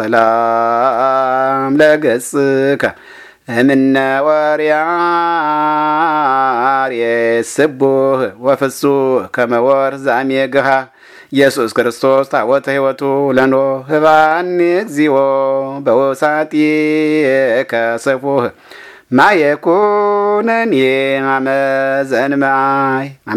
ሰላም ለገጽከ እምነ ወርያርየ ስቡህ ወፍሱህ ከመወር ግሃ ኢየሱስ ክርስቶስ ታወተ ሕይወቱ ለኖ ህባኒ እግዚኦ በውሳጢ ስፉህ ማየኩነኒ አመ ዘንማይ